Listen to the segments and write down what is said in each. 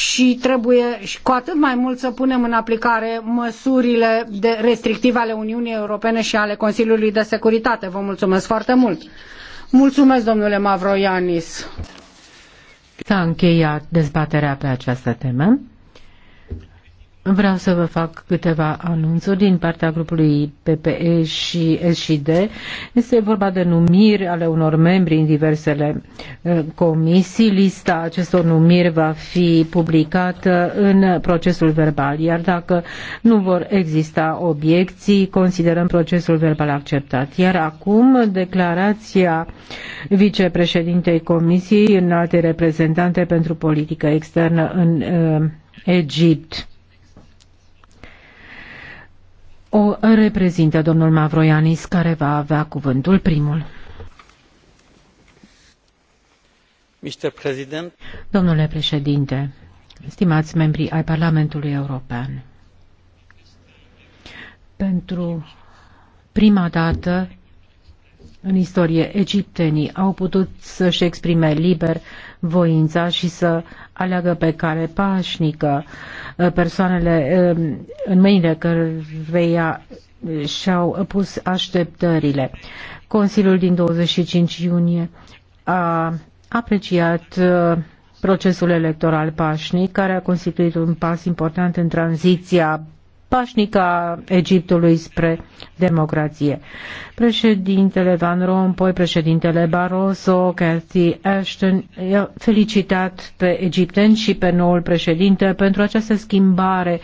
și trebuie și cu atât mai mult să punem în aplicare măsurile de restrictive ale Uniunii Europene și ale Consiliului de Securitate. Vă mulțumesc foarte mult. Mulțumesc, domnule Mavroianis. S-a încheiat dezbaterea pe această temă. Vreau să vă fac câteva anunțuri din partea grupului PPE și SID. Este vorba de numiri ale unor membri în diversele uh, comisii. Lista acestor numiri va fi publicată în procesul verbal, iar dacă nu vor exista obiecții, considerăm procesul verbal acceptat. Iar acum, declarația vicepreședintei comisiei în alte reprezentante pentru politică externă în uh, Egipt o reprezintă domnul Mavroianis, care va avea cuvântul primul. Domnule președinte, stimați membri ai Parlamentului European, pentru prima dată în istorie egiptenii au putut să-și exprime liber voința și să aleagă pe care pașnică uh, persoanele uh, în mâinile căreia și-au pus așteptările. Consiliul din 25 iunie a apreciat uh, procesul electoral pașnic, care a constituit un pas important în tranziția pașnică a Egiptului spre democrație. Președintele Van Rompuy, președintele Barroso, Cathy Ashton i-au felicitat pe egipteni și pe noul președinte pentru această schimbare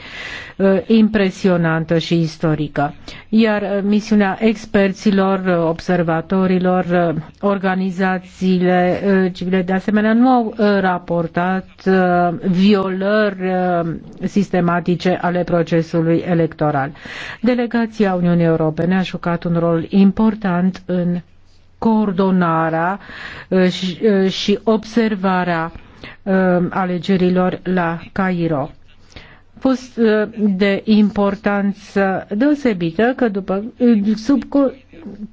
uh, impresionantă și istorică. Iar uh, misiunea experților, uh, observatorilor, uh, organizațiile uh, civile de asemenea nu au uh, raportat uh, violări uh, sistematice ale procesului procesului electoral. Delegația Uniunii Europene a jucat un rol important în coordonarea uh, uh, și observarea uh, alegerilor la Cairo fost uh, de importanță deosebită că, după, uh, sub,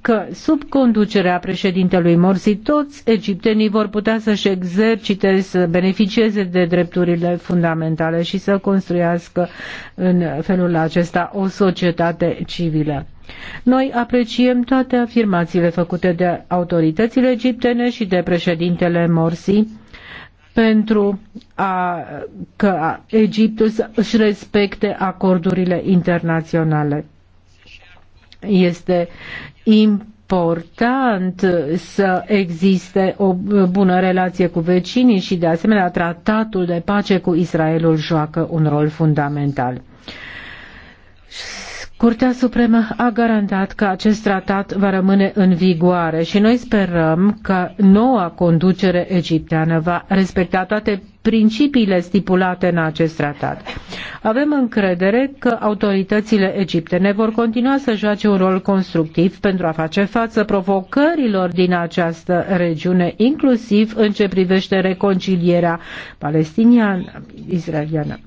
că sub conducerea președintelui Morsi toți egiptenii vor putea să-și exercite, să beneficieze de drepturile fundamentale și să construiască în felul acesta o societate civilă. Noi apreciem toate afirmațiile făcute de autoritățile egiptene și de președintele Morsi pentru a, ca Egiptul să își respecte acordurile internaționale. Este important să existe o bună relație cu vecinii și, de asemenea, tratatul de pace cu Israelul joacă un rol fundamental. Curtea Supremă a garantat că acest tratat va rămâne în vigoare și noi sperăm că noua conducere egipteană va respecta toate principiile stipulate în acest tratat. Avem încredere că autoritățile egiptene vor continua să joace un rol constructiv pentru a face față provocărilor din această regiune, inclusiv în ce privește reconcilierea palestiniană-israeliană.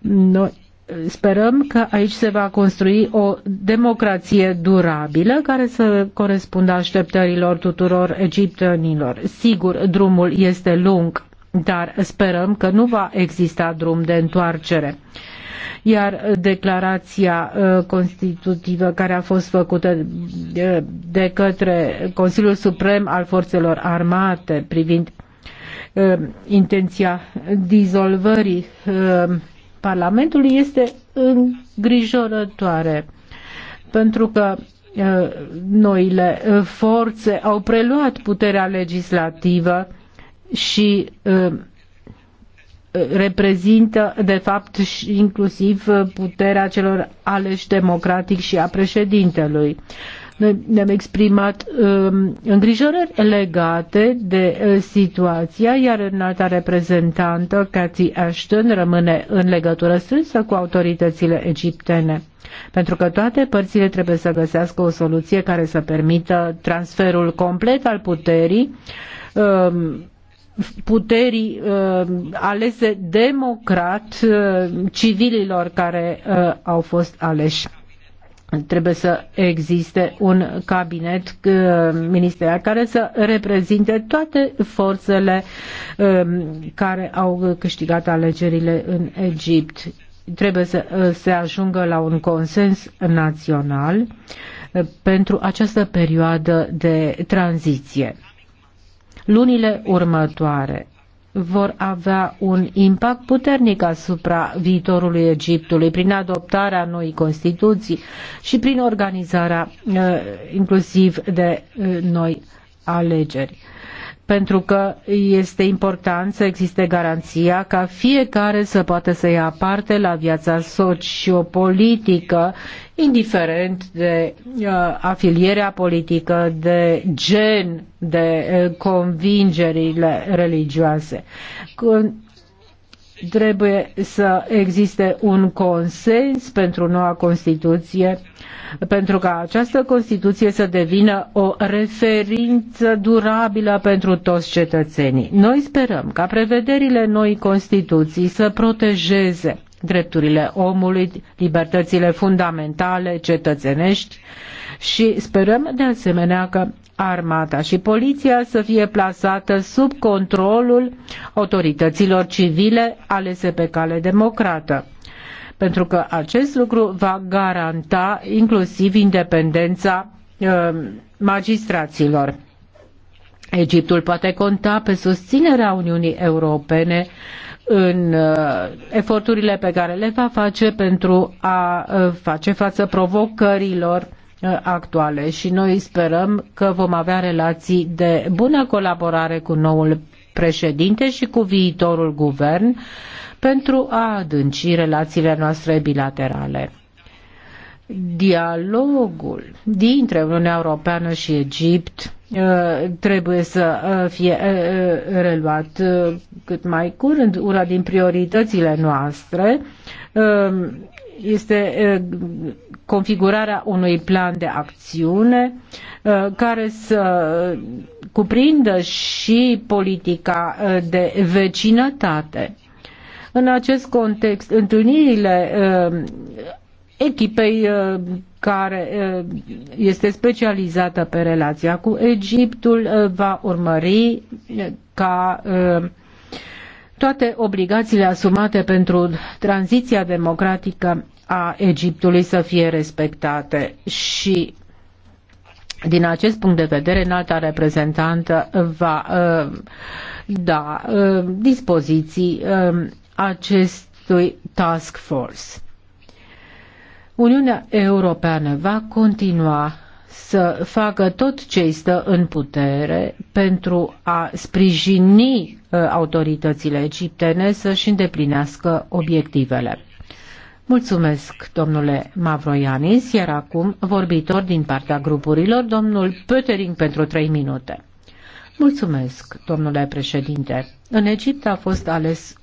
Noi sperăm că aici se va construi o democrație durabilă care să corespundă așteptărilor tuturor egiptenilor. Sigur, drumul este lung, dar sperăm că nu va exista drum de întoarcere. Iar declarația uh, constitutivă care a fost făcută uh, de către Consiliul Suprem al Forțelor Armate privind uh, intenția dizolvării Parlamentului este îngrijorătoare, pentru că uh, noile uh, forțe au preluat puterea legislativă și uh, reprezintă, de fapt, și inclusiv puterea celor aleși democratic și a președintelui. Noi ne-am exprimat um, îngrijorări legate de uh, situația, iar înalta reprezentantă, Cathy Ashton, rămâne în legătură strânsă cu autoritățile egiptene. Pentru că toate părțile trebuie să găsească o soluție care să permită transferul complet al puterii, um, puterii uh, alese democrat uh, civililor care uh, au fost aleși trebuie să existe un cabinet uh, ministerial care să reprezinte toate forțele um, care au câștigat alegerile în Egipt. Trebuie să uh, se ajungă la un consens național uh, pentru această perioadă de tranziție. Lunile următoare vor avea un impact puternic asupra viitorului Egiptului prin adoptarea noii Constituții și prin organizarea uh, inclusiv de uh, noi alegeri pentru că este important să existe garanția ca fiecare să poată să ia parte la viața sociopolitică, indiferent de uh, afilierea politică, de gen, de uh, convingerile religioase. Când Trebuie să existe un consens pentru noua Constituție, pentru ca această Constituție să devină o referință durabilă pentru toți cetățenii. Noi sperăm ca prevederile noii Constituții să protejeze drepturile omului, libertățile fundamentale cetățenești și sperăm de asemenea că armata și poliția să fie plasată sub controlul autorităților civile alese pe cale democrată pentru că acest lucru va garanta inclusiv independența uh, magistraților. Egiptul poate conta pe susținerea Uniunii Europene în uh, eforturile pe care le va face pentru a uh, face față provocărilor uh, actuale și noi sperăm că vom avea relații de bună colaborare cu noul președinte și cu viitorul guvern pentru a adânci relațiile noastre bilaterale. Dialogul dintre Uniunea Europeană și Egipt Eh, trebuie să eh, fie eh, reluat cât mai curând. Una din prioritățile noastre este configurarea unui plan de acțiune care să cuprindă și politica de vecinătate. În acest context, întâlnirile echipei uh, care uh, este specializată pe relația cu Egiptul, uh, va urmări ca toate obligațiile asumate pentru tranziția democratică a Egiptului să fie respectate și din acest punct de vedere, înalta reprezentantă va da dispoziții acestui task force. Uniunea Europeană va continua să facă tot ce îi stă în putere pentru a sprijini ă, autoritățile egiptene să-și îndeplinească obiectivele. Mulțumesc, domnule Mavroianis, iar acum vorbitor din partea grupurilor, domnul Pötering pentru trei minute. Mulțumesc, domnule președinte. În Egipt a fost ales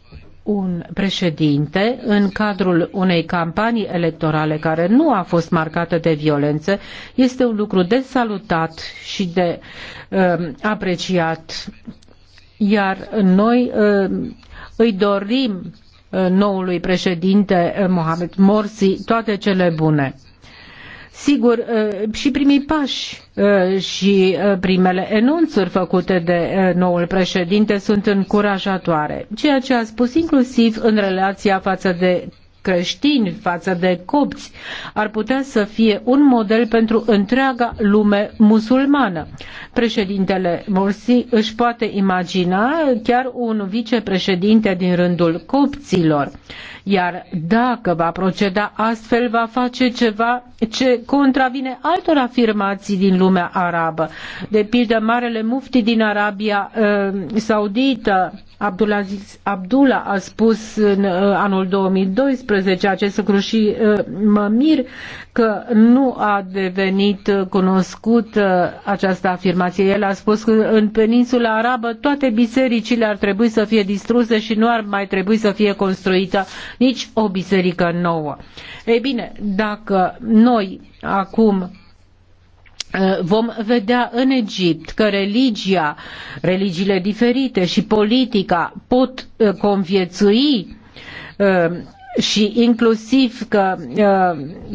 un președinte în cadrul unei campanii electorale care nu a fost marcată de violență este un lucru de salutat și de uh, apreciat. Iar noi uh, îi dorim uh, noului președinte uh, Mohamed Morsi toate cele bune. Sigur, uh, și primii pași uh, și uh, primele enunțuri făcute de noul președinte sunt încurajatoare. Ceea ce a spus inclusiv în relația față de creștini, față de copți, ar putea să fie un model pentru întreaga lume musulmană. Președintele Morsi își poate imagina chiar un vicepreședinte din rândul copților. Iar dacă va proceda astfel, va face ceva ce contravine altor afirmații din lumea arabă. De pildă, Marele Mufti din Arabia uh, Saudită, Abdullah a spus în uh, anul 2012 acest lucru și uh, mă mir că nu a devenit cunoscut această afirmație. El a spus că în peninsula arabă toate bisericile ar trebui să fie distruse și nu ar mai trebui să fie construită nici o biserică nouă. Ei bine, dacă noi acum ă, vom vedea în Egipt că religia, religiile diferite și politica pot ă, conviețui ă, și inclusiv că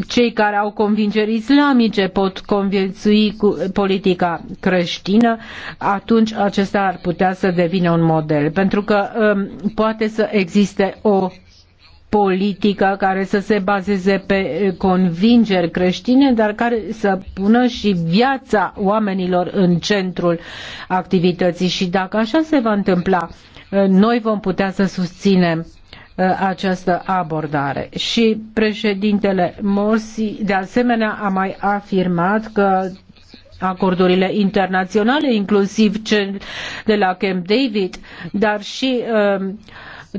cei care au convingeri islamice pot conviețui cu politica creștină, atunci acesta ar putea să devină un model, pentru că poate să existe o politică care să se bazeze pe eh, convingeri creștine, dar care să pună și viața oamenilor în centrul activității. Și dacă așa se va întâmpla, eh, noi vom putea să susținem eh, această abordare. Și președintele Morsi, de asemenea, a mai afirmat că acordurile internaționale, inclusiv cel de la Camp David, dar și uh,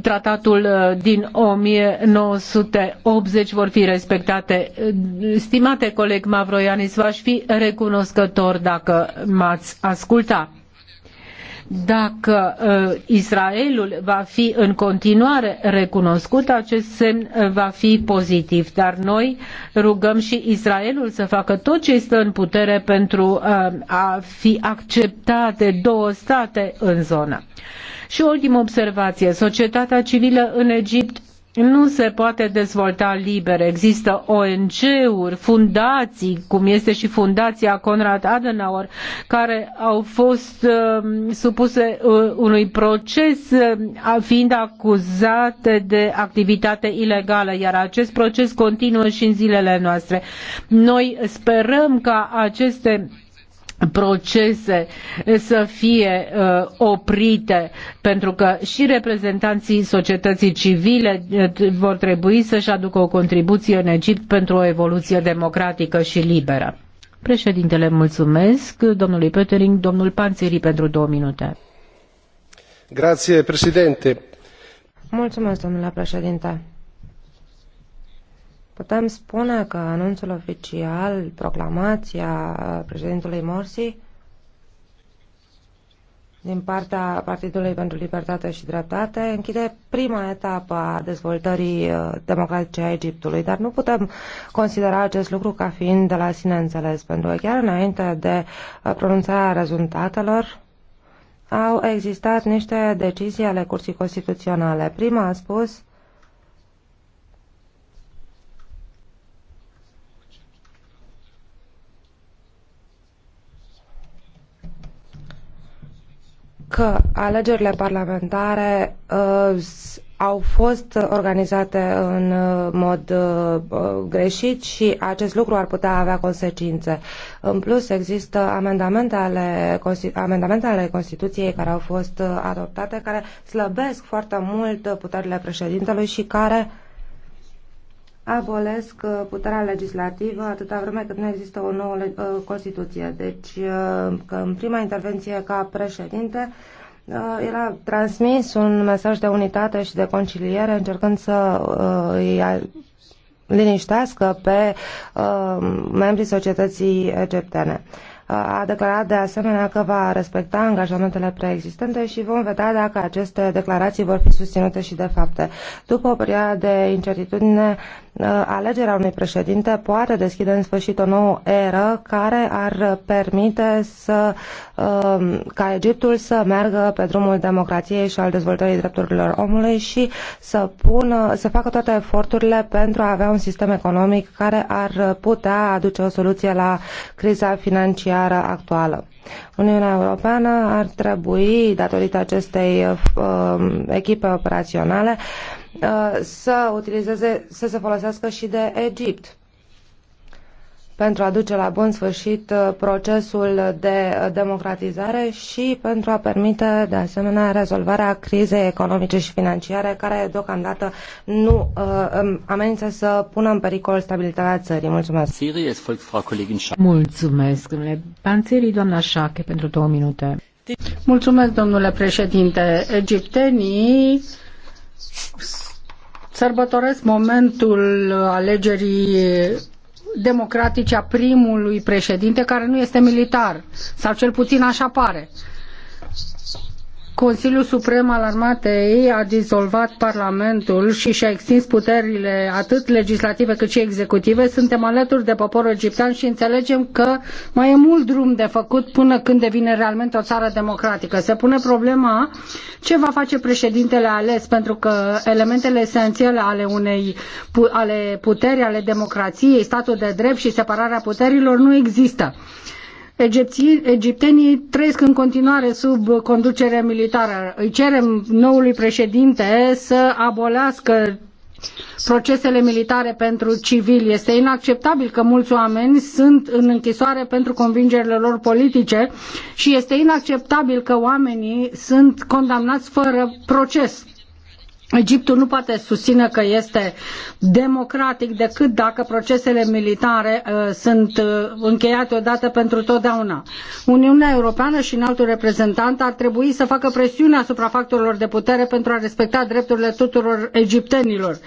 tratatul uh, din 1980 vor fi respectate. Uh, stimate coleg Mavroianis, v-aș fi recunoscător dacă m-ați asculta. Dacă ă, Israelul va fi în continuare recunoscut, acest semn ă, va fi pozitiv, dar noi rugăm și Israelul să facă tot ce stă în putere pentru ă, a fi acceptate două state în zonă. Și ultimă observație, societatea civilă în Egipt nu se poate dezvolta liber. Există ONG-uri, fundații, cum este și fundația Conrad Adenauer, care au fost uh, supuse uh, unui proces uh, fiind acuzate de activitate ilegală, iar acest proces continuă și în zilele noastre. Noi sperăm ca aceste procese să fie uh, oprite, pentru că și reprezentanții societății civile uh, vor trebui să-și aducă o contribuție în Egipt pentru o evoluție democratică și liberă. Președintele, mulțumesc. Domnului Petering, domnul Panțeri pentru două minute. Grație, președinte. Mulțumesc, domnule președinte. Putem spune că anunțul oficial, proclamația președintelui Morsi din partea Partidului pentru Libertate și Dreptate închide prima etapă a dezvoltării uh, democratice a Egiptului, dar nu putem considera acest lucru ca fiind de la sine înțeles, pentru că chiar înainte de uh, pronunțarea rezultatelor, au existat niște decizii ale Curții Constituționale. Prima a spus că alegerile parlamentare uh, au fost organizate în uh, mod uh, uh, greșit și acest lucru ar putea avea consecințe. În plus, există amendamente ale, amendamente ale Constituției care au fost uh, adoptate, care slăbesc foarte mult puterile președintelui și care uh, abolesc uh, puterea legislativă atâta vreme cât nu există o nouă uh, Constituție. Deci, uh, că în prima intervenție ca președinte, el a transmis un mesaj de unitate și de conciliere, încercând să îi liniștească pe membrii societății egiptene. A declarat de asemenea că va respecta angajamentele preexistente și vom vedea dacă aceste declarații vor fi susținute și de fapte. După o perioadă de incertitudine, Uh, alegerea unui președinte poate deschide în sfârșit o nouă eră care ar permite să, uh, ca Egiptul să meargă pe drumul democrației și al dezvoltării drepturilor omului și să, pună, să facă toate eforturile pentru a avea un sistem economic care ar putea aduce o soluție la criza financiară actuală. Uniunea Europeană ar trebui, datorită acestei uh, echipe operaționale, Uh, să utilizeze, să se folosească și de Egipt pentru a duce la bun sfârșit uh, procesul de uh, democratizare și pentru a permite, de asemenea, rezolvarea crizei economice și financiare, care deocamdată nu uh, um, amenință să pună în pericol stabilitatea țării. Mulțumesc! Mulțumesc, domnule Panțerii, doamna Șache, pentru două minute. Mulțumesc, domnule președinte. Egiptenii sărbătoresc momentul alegerii democratice a primului președinte care nu este militar, sau cel puțin așa pare. Consiliul Suprem al Armatei a dizolvat Parlamentul și și-a extins puterile atât legislative cât și executive. Suntem alături de poporul egiptean și înțelegem că mai e mult drum de făcut până când devine realmente o țară democratică. Se pune problema ce va face președintele ales, pentru că elementele esențiale ale unei ale puterii, ale democrației, statul de drept și separarea puterilor nu există egiptenii trăiesc în continuare sub conducere militară. Îi cerem noului președinte să abolească procesele militare pentru civili. Este inacceptabil că mulți oameni sunt în închisoare pentru convingerile lor politice și este inacceptabil că oamenii sunt condamnați fără proces Egiptul nu poate susține că este democratic decât dacă procesele militare uh, sunt uh, încheiate odată pentru totdeauna. Uniunea Europeană și înaltul reprezentant ar trebui să facă presiune asupra factorilor de putere pentru a respecta drepturile tuturor egiptenilor.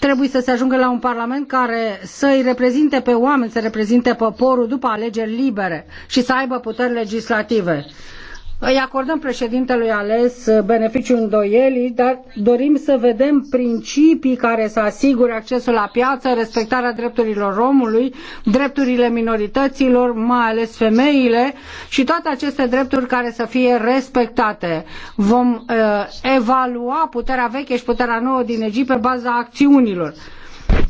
Trebuie să se ajungă la un parlament care să îi reprezinte pe oameni, să reprezinte poporul după alegeri libere și să aibă puteri legislative. Îi acordăm președintelui ales uh, beneficiul îndoielii, dar dorim să vedem principii care să asigure accesul la piață, respectarea drepturilor omului, drepturile minorităților, mai ales femeile și toate aceste drepturi care să fie respectate. Vom uh, evalua puterea veche și puterea nouă din Egipt pe baza acțiunilor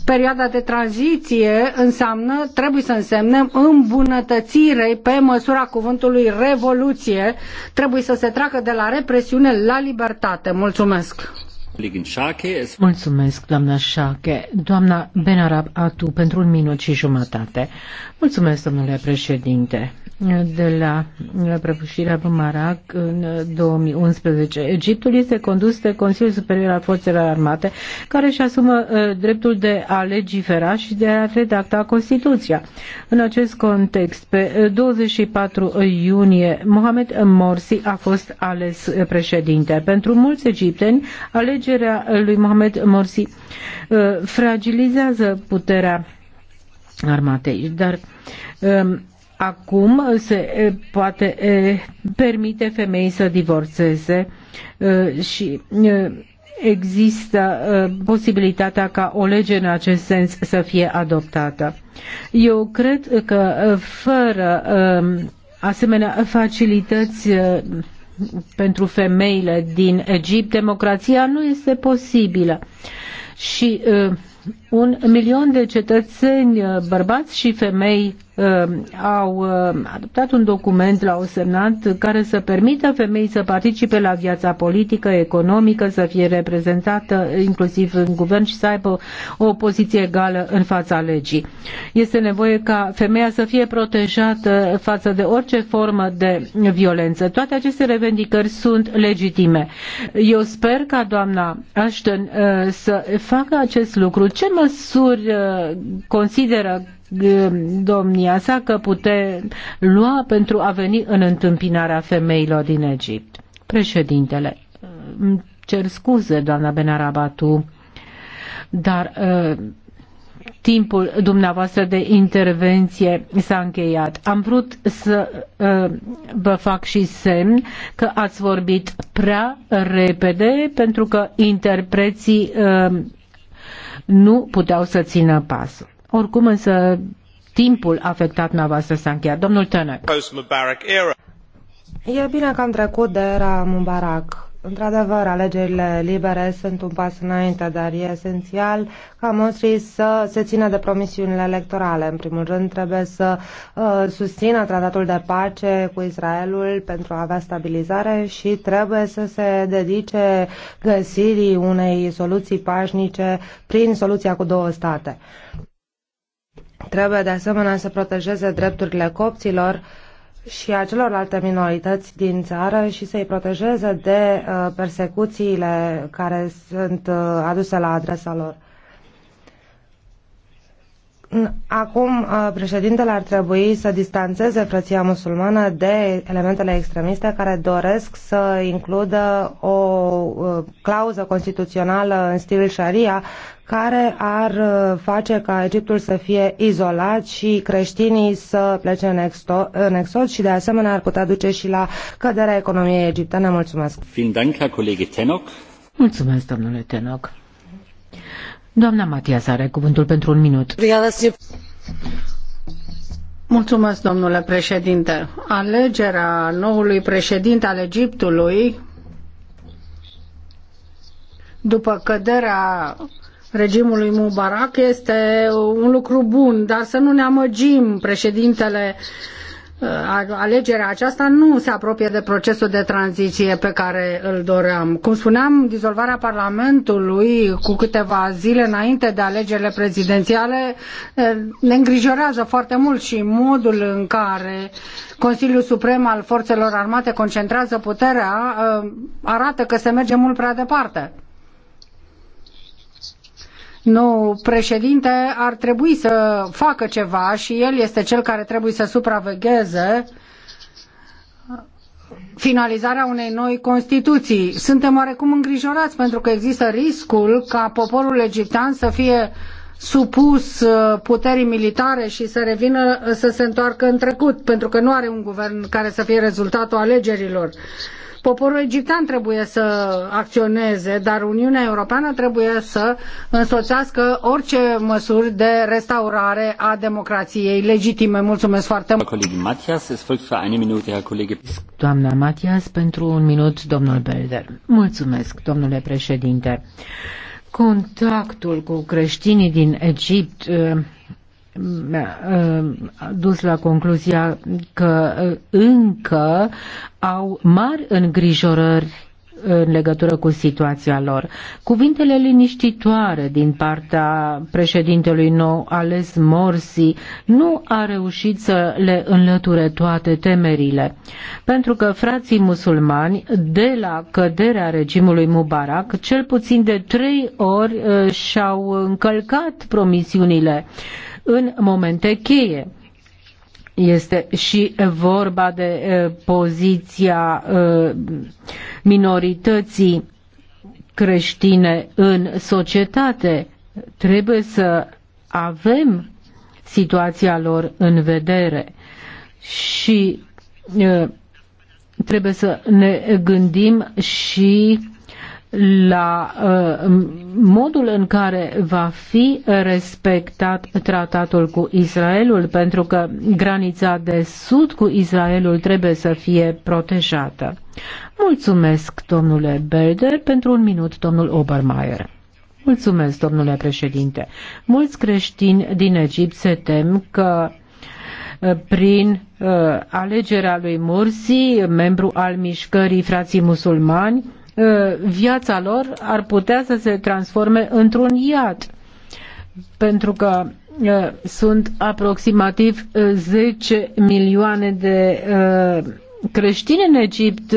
Perioada de tranziție înseamnă, trebuie să însemne îmbunătățire pe măsura cuvântului revoluție. Trebuie să se treacă de la represiune la libertate. Mulțumesc! Mulțumesc, doamna Șache. Doamna Benarab Atu, pentru un minut și jumătate. Mulțumesc, domnule președinte de la prăbușirea Marac în 2011. Egiptul este condus de Consiliul Superior al Forțelor Armate, care își asumă uh, dreptul de a legifera și de a redacta Constituția. În acest context, pe 24 uh, iunie, Mohamed Morsi a fost ales uh, președinte. Pentru mulți egipteni, alegerea lui Mohamed Morsi fragilizează puterea armatei, dar um, acum se poate permite femeii să divorțeze și există posibilitatea ca o lege în acest sens să fie adoptată. Eu cred că fără asemenea facilități pentru femeile din Egipt, democrația nu este posibilă. Și un milion de cetățeni, bărbați și femei Um, au um, adoptat un document, l-au semnat, care să permită femeii să participe la viața politică, economică, să fie reprezentată inclusiv în guvern și să aibă o, poziție egală în fața legii. Este nevoie ca femeia să fie protejată față de orice formă de violență. Toate aceste revendicări sunt legitime. Eu sper ca doamna Ashton uh, să facă acest lucru. Ce măsuri uh, consideră domnia sa că pute lua pentru a veni în întâmpinarea femeilor din Egipt. Președintele, îmi cer scuze, doamna Benarabatu, dar uh, timpul dumneavoastră de intervenție s-a încheiat. Am vrut să uh, vă fac și semn că ați vorbit prea repede pentru că interpreții uh, nu puteau să țină pasul. Oricum însă timpul afectat dumneavoastră s-a încheiat. Domnul Tănăc. E bine că am trecut de era Mubarak. Într-adevăr, alegerile libere sunt un pas înainte, dar e esențial ca monstrii să se țină de promisiunile electorale. În primul rând, trebuie să uh, susțină tratatul de pace cu Israelul pentru a avea stabilizare și trebuie să se dedice găsirii unei soluții pașnice prin soluția cu două state. Trebuie de asemenea să protejeze drepturile copților și a celorlalte minorități din țară și să-i protejeze de uh, persecuțiile care sunt uh, aduse la adresa lor. Acum, uh, președintele ar trebui să distanțeze frăția musulmană de elementele extremiste care doresc să includă o uh, clauză constituțională în stil sharia care ar uh, face ca Egiptul să fie izolat și creștinii să plece în, exo- în exod și de asemenea ar putea duce și la căderea economiei egiptene. Mulțumesc! Mulțumesc, domnule Tenoc! Doamna Matias are cuvântul pentru un minut. Mulțumesc, domnule președinte. Alegerea noului președinte al Egiptului după căderea regimului Mubarak este un lucru bun, dar să nu ne amăgim. Președintele uh, alegerea aceasta nu se apropie de procesul de tranziție pe care îl doream. Cum spuneam, dizolvarea Parlamentului cu câteva zile înainte de alegerile prezidențiale ne îngrijorează foarte mult și modul în care Consiliul Suprem al Forțelor Armate concentrează puterea arată că se merge mult prea departe nu, președinte ar trebui să facă ceva și el este cel care trebuie să supravegheze finalizarea unei noi constituții. Suntem oarecum îngrijorați pentru că există riscul ca poporul egiptean să fie supus uh, puterii militare și să revină să se întoarcă în trecut, pentru că nu are un guvern care să fie rezultatul alegerilor. Poporul egiptean trebuie să acționeze, dar Uniunea Europeană trebuie să însoțească orice măsuri de restaurare a democrației legitime. Mulțumesc foarte mult. Doamna Matias, pentru un minut, domnul Belder. Mulțumesc, domnule președinte. Contactul cu creștinii din Egipt mi-a da, ehm, dus la concluzia că eh, încă au mari îngrijorări în legătură cu situația lor. Cuvintele liniștitoare din partea președintelui nou ales Morsi nu a reușit să le înlăture toate temerile, pentru că frații musulmani, de la căderea regimului Mubarak, cel puțin de trei ori eh, și-au încălcat promisiunile uh, în momente cheie. Este și vorba de poziția minorității creștine în societate. Trebuie să avem situația lor în vedere și trebuie să ne gândim și la uh, modul în care va fi respectat tratatul cu Israelul, pentru că granița de sud cu Israelul trebuie să fie protejată. Mulțumesc, domnule Berder, pentru un minut, domnul Obermeier. Mulțumesc, domnule președinte. Mulți creștini din Egipt se tem că uh, prin uh, alegerea lui Mursi, membru al mișcării frații musulmani, Uh, viața lor ar putea să se transforme într-un iad. Pentru că uh, sunt aproximativ 10 uh, milioane de creștini în Egipt,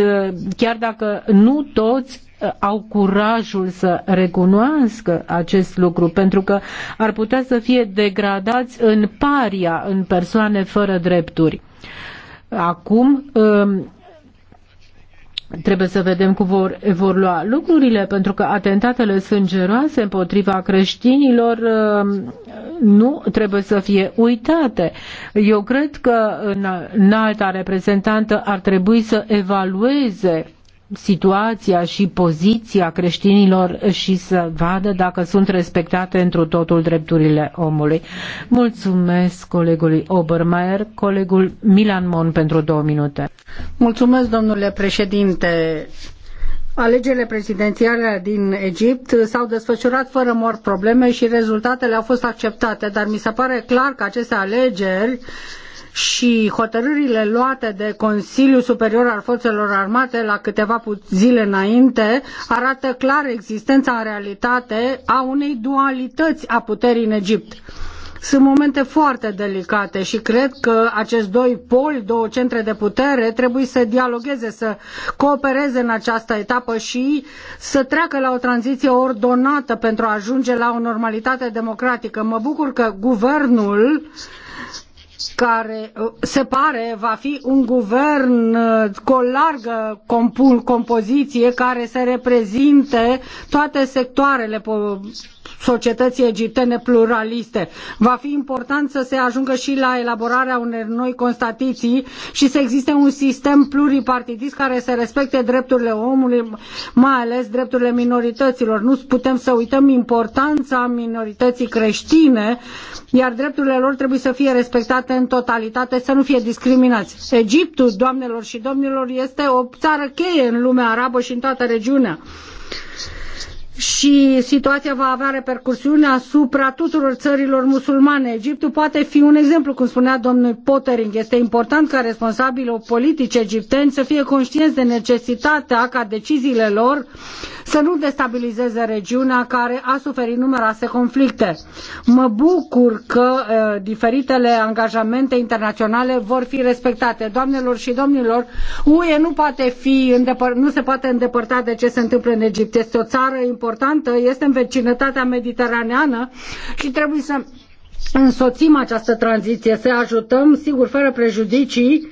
chiar dacă nu toți au curajul să recunoască acest lucru, pentru că ar putea să fie degradați în paria, în persoane fără drepturi. Acum um, Trebuie să vedem cum vor evolua lucrurile, pentru că atentatele sângeroase împotriva creștinilor uh, nu trebuie să fie uitate. Eu cred că înalta reprezentantă ar trebui să evalueze situația și poziția creștinilor și să vadă dacă sunt respectate întru totul drepturile omului. Mulțumesc colegului Obermeier, colegul Milan Mon pentru două minute. Mulțumesc, domnule președinte. Alegerile prezidențiale din Egipt s-au desfășurat fără mor probleme și rezultatele au fost acceptate, dar mi se pare clar că aceste alegeri și hotărârile luate de Consiliul Superior al Forțelor Armate la câteva zile înainte arată clar existența în realitate a unei dualități a puterii în Egipt. Sunt momente foarte delicate și cred că acești doi poli, două centre de putere, trebuie să dialogueze, să coopereze în această etapă și să treacă la o tranziție ordonată pentru a ajunge la o normalitate democratică. Mă bucur că guvernul care uh, se pare va fi un guvern uh, cu o largă compoziție care să reprezinte toate sectoarele societății egiptene pluraliste. Va fi important să se ajungă și la elaborarea unor noi constatiții și să existe un sistem pluripartidist care să respecte drepturile omului, mai ales drepturile minorităților. Nu putem să uităm importanța minorității creștine, iar drepturile lor trebuie să fie respectate societate în totalitate să nu fie discriminați. Egiptul, doamnelor și domnilor, este o țară cheie în lumea arabă și în toată regiunea și situația va avea repercusiuni asupra tuturor țărilor musulmane. Egiptul poate fi un exemplu, cum spunea domnul Pottering. Este important ca responsabilii politici egipteni să fie conștienți de necesitatea ca deciziile lor să nu destabilizeze regiunea care a suferit numeroase conflicte. Mă bucur că uh, diferitele angajamente internaționale vor fi respectate. Doamnelor și domnilor, UE nu poate fi nu se poate îndepărta de ce se întâmplă în Egipt. Este o țară importantă, este în vecinătatea mediteraneană și trebuie să însoțim această tranziție, să ajutăm, sigur, fără prejudicii,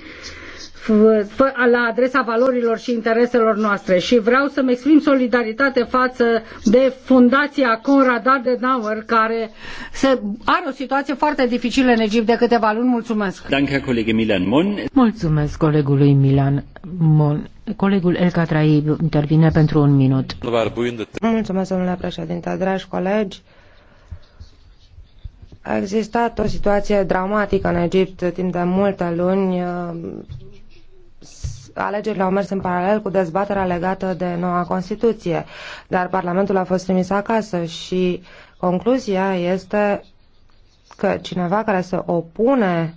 la adresa valorilor și intereselor noastre și vreau să-mi exprim solidaritate față de Fundația Conrad Adenauer care se, are o situație foarte dificilă în Egipt de câteva luni. Mulțumesc! Mulțumesc colegului Milan Mon. Colegul El Catrai intervine pentru un minut. Mulțumesc, domnule președinte, dragi colegi. A existat o situație dramatică în Egipt timp de multe luni alegerile au mers în paralel cu dezbaterea legată de noua Constituție, dar Parlamentul a fost trimis acasă și concluzia este că cineva care se opune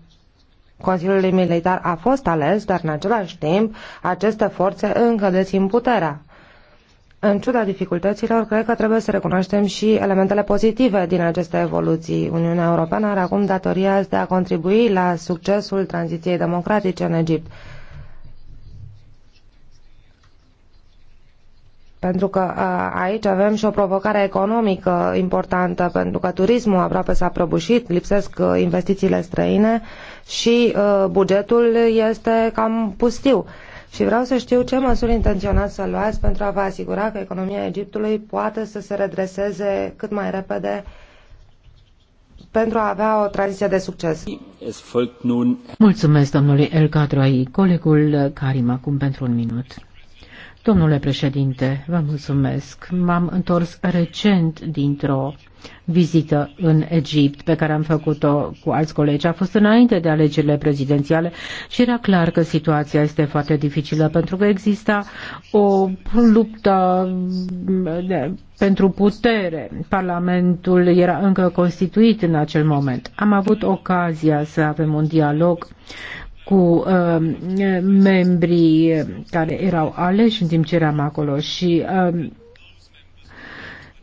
Consiliului Militar a fost ales, dar în același timp aceste forțe încă dețin puterea. În ciuda dificultăților, cred că trebuie să recunoaștem și elementele pozitive din aceste evoluții. Uniunea Europeană are acum datoria de a contribui la succesul tranziției democratice în Egipt. pentru că aici avem și o provocare economică importantă, pentru că turismul aproape s-a prăbușit, lipsesc uh, investițiile străine și uh, bugetul este cam pustiu. Și vreau să știu ce măsuri intenționați să luați pentru a vă asigura că economia Egiptului poate să se redreseze cât mai repede pentru a avea o tranziție de succes. Mulțumesc domnului El Cadroi, colegul Karim, acum pentru un minut. Domnule președinte, vă mulțumesc. M-am întors recent dintr-o vizită în Egipt pe care am făcut-o cu alți colegi. A fost înainte de alegerile prezidențiale și era clar că situația este foarte dificilă pentru că exista o luptă pentru putere. Parlamentul era încă constituit în acel moment. Am avut ocazia să avem un dialog cu uh, membrii care erau aleși în timp ce eram acolo și uh,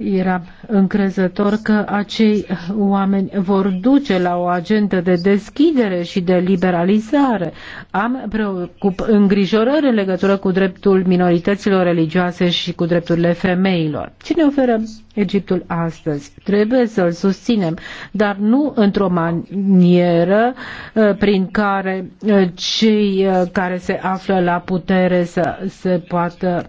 era încrezător că acei oameni vor duce la o agentă de deschidere și de liberalizare. Am preocup îngrijorări în legătură cu dreptul minorităților religioase și cu drepturile femeilor. Cine oferă Egiptul astăzi? Trebuie să-l susținem, dar nu într-o manieră uh, prin care uh, cei uh, care se află la putere să se poată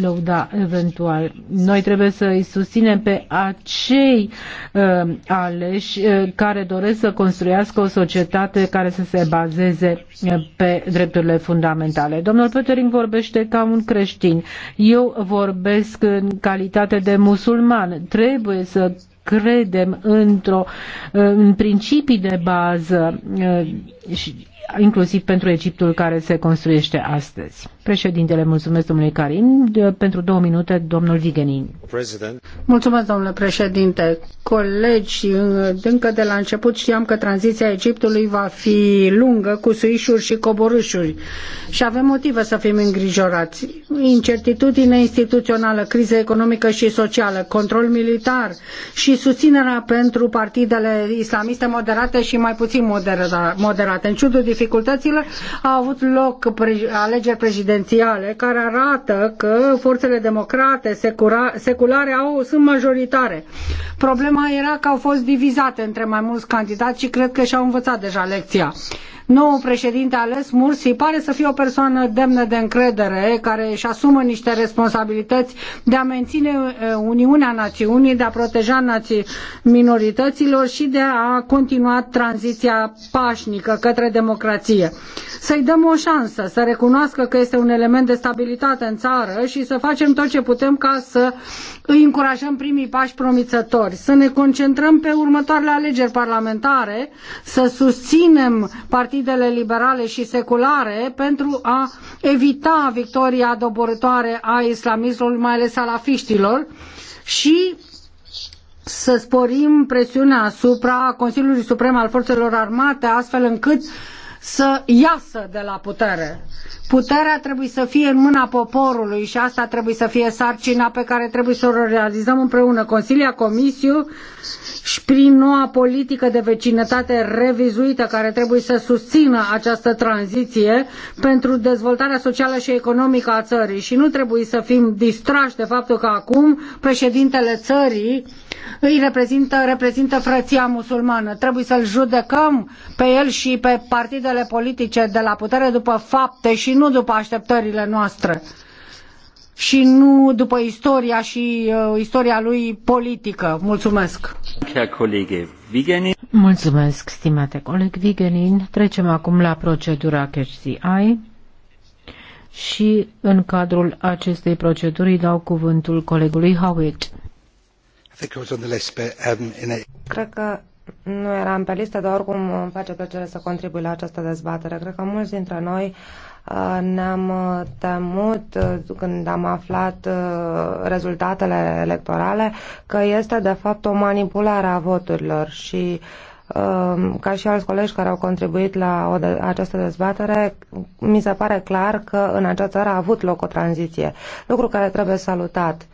lăuda eventual. Noi trebuie să i susținem susținem pe acei uh, aleși uh, care doresc să construiască o societate care să se bazeze uh, pe drepturile fundamentale. Domnul Petering vorbește ca un creștin. Eu vorbesc în calitate de musulman. Trebuie să credem într-o, uh, în principii de bază, uh, inclusiv pentru Egiptul care se construiește astăzi. Președintele, mulțumesc domnului Karim. De, pentru două minute, domnul Vigenin. President. Mulțumesc, domnule președinte. Colegi, uh, încă de la început știam că tranziția Egiptului va fi lungă, cu suișuri și coborâșuri. Și avem motive să fim îngrijorați. Incertitudine instituțională, criză economică și socială, control militar și susținerea pentru partidele islamiste moderate și mai puțin moderate. În ciudul dificultăților, au avut loc alegeri prezidențiale prezidențiale care arată că forțele democrate secura, seculare au, sunt majoritare. Problema era că au fost divizate între mai mulți candidați și cred că și-au învățat deja lecția nou președinte ales, Mursi, pare să fie o persoană demnă de încredere, care își asumă niște responsabilități de a menține Uniunea Națiunii, de a proteja nații minorităților și de a continua tranziția pașnică către democrație. Să-i dăm o șansă, să recunoască că este un element de stabilitate în țară și să facem tot ce putem ca să îi încurajăm primii pași promițători, să ne concentrăm pe următoarele alegeri parlamentare, să susținem partidul partidele liberale și seculare pentru a evita victoria doborătoare a islamismului, mai ales salafiștilor, și să sporim presiunea asupra Consiliului Suprem al Forțelor Armate, astfel încât să iasă de la putere. Puterea trebuie să fie în mâna poporului și asta trebuie să fie sarcina pe care trebuie să o realizăm împreună Consilia, Comisiu și prin noua politică de vecinătate revizuită care trebuie să susțină această tranziție pentru dezvoltarea socială și economică a țării. Și nu trebuie să fim distrași de faptul că acum președintele țării îi reprezintă, reprezintă frăția musulmană. Trebuie să-l judecăm pe el și pe partidele politice de la putere după fapte și nu după așteptările noastre și nu după istoria și uh, istoria lui politică. Mulțumesc! Mulțumesc, stimate coleg Vigenin. Trecem acum la procedura CHCI și în cadrul acestei proceduri dau cuvântul colegului Howitt. Um, Cred că nu eram pe listă, dar oricum îmi face plăcere să contribui la această dezbatere. Cred că mulți dintre noi Uh, ne-am uh, temut uh, când am aflat rezultatele electorale că este de fapt o manipulare a voturilor și ca și alți colegi care au contribuit la o de- această dezbatere, mi se pare clar că în acea țară a avut loc o tranziție, lucru care trebuie salutat.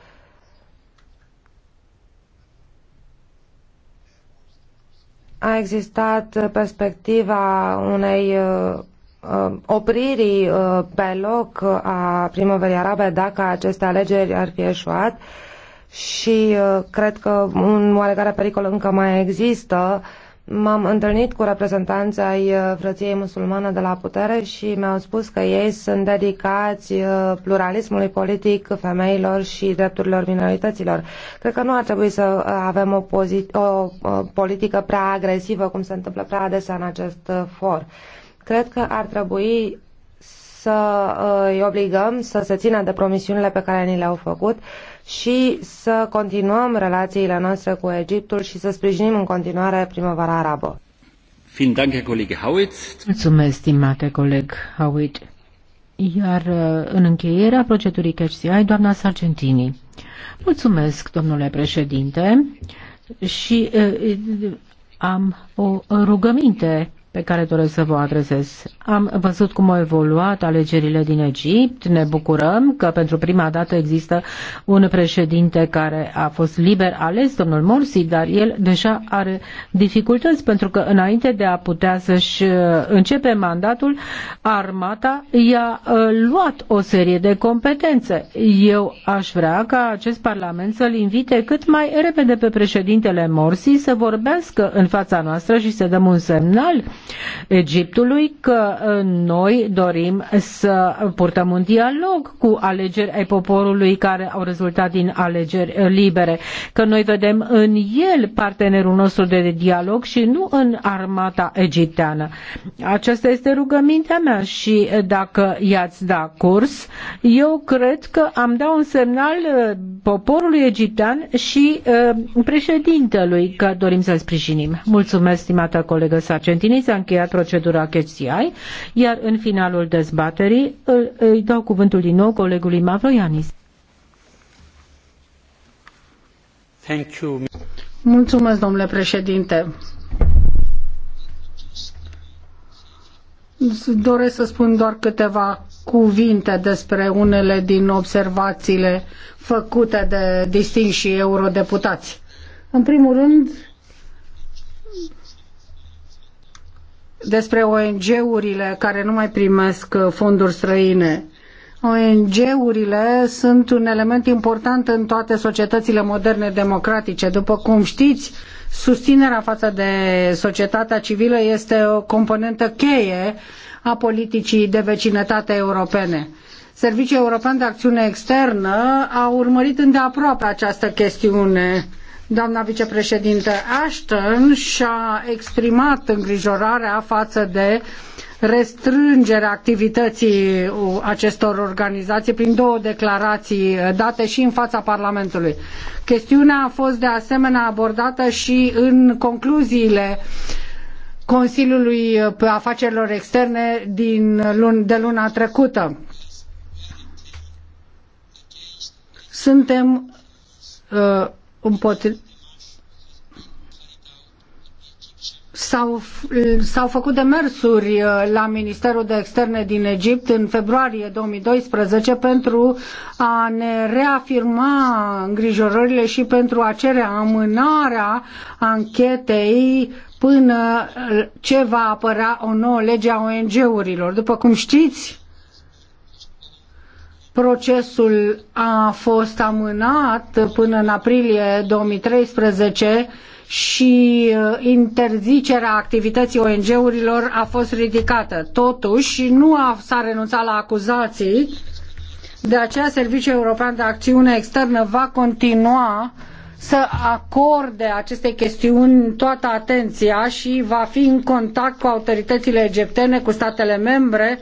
A existat perspectiva unei Uh, opririi uh, pe loc uh, a primăverii arabe dacă aceste alegeri ar fi eșuat și cred că un oarecare pericol încă mai există. M-am întâlnit cu reprezentanța ai frăției musulmane de la putere și mi-au spus că ei sunt dedicați pluralismului politic, femeilor și drepturilor minorităților. Cred că nu ar trebui să avem o, o, o politică prea agresivă, cum se întâmplă prea adesea în acest for. Cred că ar trebui să uh, îi obligăm să se țină de promisiunile pe care ni le-au făcut și să continuăm relațiile noastre cu Egiptul și să sprijinim în continuare primăvara arabă. Mulțumesc, stimate coleg Howitt. Iar uh, în încheierea procedurii CHCI, doamna Sargentini. Mulțumesc, domnule președinte, și uh, am o rugăminte pe care doresc să vă adresez. Am văzut cum au evoluat alegerile din Egipt. Ne bucurăm că pentru prima dată există un președinte care a fost liber ales, domnul Morsi, dar el deja are dificultăți pentru că înainte de a putea să-și uh, începe mandatul, armata i-a uh, luat o serie de competențe. Eu aș vrea ca acest parlament să-l invite cât mai repede pe președintele Morsi să vorbească în fața noastră și să dăm un semnal Egiptului că uh, noi dorim să purtăm un dialog cu alegeri ai poporului care au rezultat din alegeri uh, libere, că noi vedem în el partenerul nostru de dialog și nu în armata egipteană. Aceasta este rugămintea mea și uh, dacă i-ați da curs, eu cred că am dat un semnal poporului egiptean și președintelui că dorim să-l sprijinim. Mulțumesc, stimată colegă Sargentini s-a încheiat procedura CHCI, iar în finalul dezbaterii îl, îi dau cuvântul din nou colegului Mavroianis. Thank you. Mulțumesc, domnule președinte. Doresc să spun doar câteva cuvinte despre unele din observațiile făcute de distinși eurodeputați. În primul rând, despre ONG-urile care nu mai primesc uh, fonduri străine. ONG-urile sunt un element important în toate societățile moderne democratice. După cum știți, susținerea față de societatea civilă este o componentă cheie a politicii de vecinătate europene. Serviciul European de Acțiune Externă a urmărit îndeaproape această chestiune Doamna vicepreședintă Ashton și-a exprimat îngrijorarea față de restrângerea activității acestor organizații prin două declarații date și în fața Parlamentului. Chestiunea a fost de asemenea abordată și în concluziile Consiliului Afacerilor Externe din de luna trecută. Suntem uh, împotriva S-au, s-au făcut demersuri uh, la Ministerul de Externe din Egipt în februarie 2012 pentru a ne reafirma îngrijorările și pentru a cere amânarea anchetei până uh, ce va apărea o nouă lege a ONG-urilor. După cum știți, Procesul a fost amânat până în aprilie 2013 și uh, interzicerea activității ONG-urilor a fost ridicată. Totuși, nu a, s-a renunțat la acuzații, de aceea Serviciul European de Acțiune Externă va continua să acorde acestei chestiuni toată atenția și va fi în contact cu autoritățile egiptene, cu statele membre,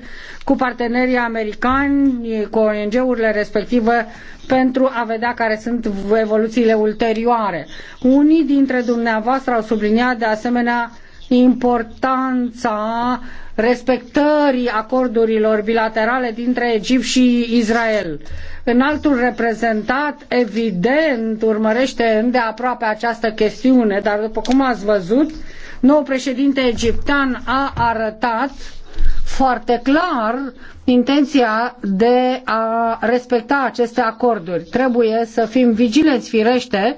cu partenerii americani, cu ONG-urile respective, pentru a vedea care sunt evoluțiile ulterioare. Unii dintre dumneavoastră au subliniat de asemenea importanța respectării acordurilor bilaterale dintre Egipt și Israel. Înaltul reprezentat, evident, urmărește îndeaproape această chestiune, dar după cum ați văzut, nou președinte egiptean a arătat foarte clar intenția de a respecta aceste acorduri. Trebuie să fim vigilenți, firește,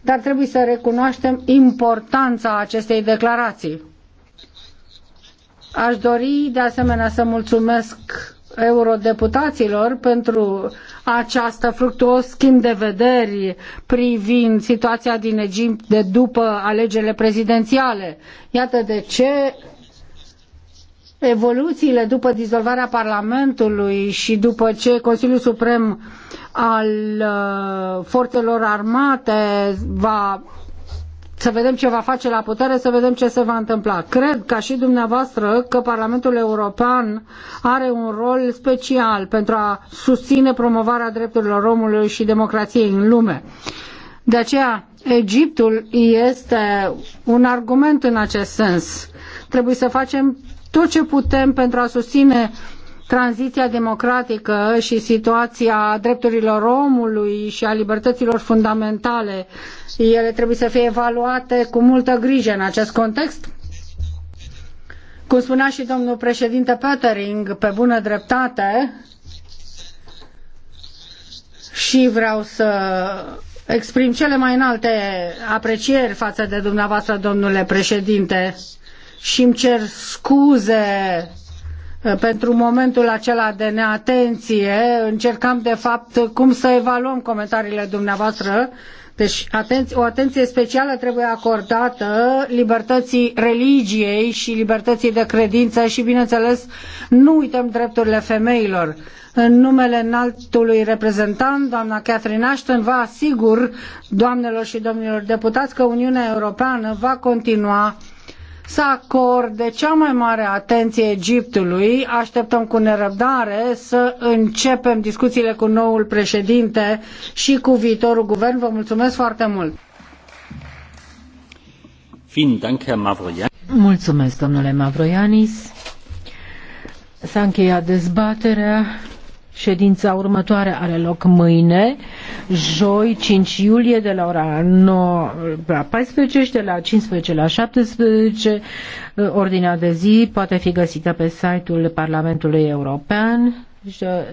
dar trebuie să recunoaștem importanța acestei declarații. Aș dori de asemenea să mulțumesc eurodeputaților pentru această fructuos schimb de vederi privind situația din Egipt de după alegerile prezidențiale. Iată de ce evoluțiile după dizolvarea Parlamentului și după ce Consiliul Suprem al uh, Forțelor Armate va să vedem ce va face la putere, să vedem ce se va întâmpla. Cred, ca și dumneavoastră, că Parlamentul European are un rol special pentru a susține promovarea drepturilor omului și democrației în lume. De aceea, Egiptul este un argument în acest sens. Trebuie să facem tot ce putem pentru a susține tranziția democratică și situația drepturilor omului și a libertăților fundamentale. Ele trebuie să fie evaluate cu multă grijă în acest context. Cum spunea și domnul președinte Petering, pe bună dreptate, și vreau să exprim cele mai înalte aprecieri față de dumneavoastră, domnule președinte, și îmi cer scuze uh, pentru momentul acela de neatenție. Încercam, de fapt, cum să evaluăm comentariile dumneavoastră. Deci atenție, o atenție specială trebuie acordată libertății religiei și libertății de credință și, bineînțeles, nu uităm drepturile femeilor. În numele înaltului reprezentant, doamna Catherine Ashton, vă asigur, doamnelor și domnilor deputați, că Uniunea Europeană va continua să acorde cea mai mare atenție Egiptului. Așteptăm cu nerăbdare să începem discuțiile cu noul președinte și cu viitorul guvern. Vă mulțumesc foarte mult! Mulțumesc, domnule Mavroianis. S-a încheiat dezbaterea. Ședința următoare are loc mâine, joi 5 iulie de la ora 9 la 14 și de la 15 la 17. Ordinea de zi poate fi găsită pe site-ul Parlamentului European.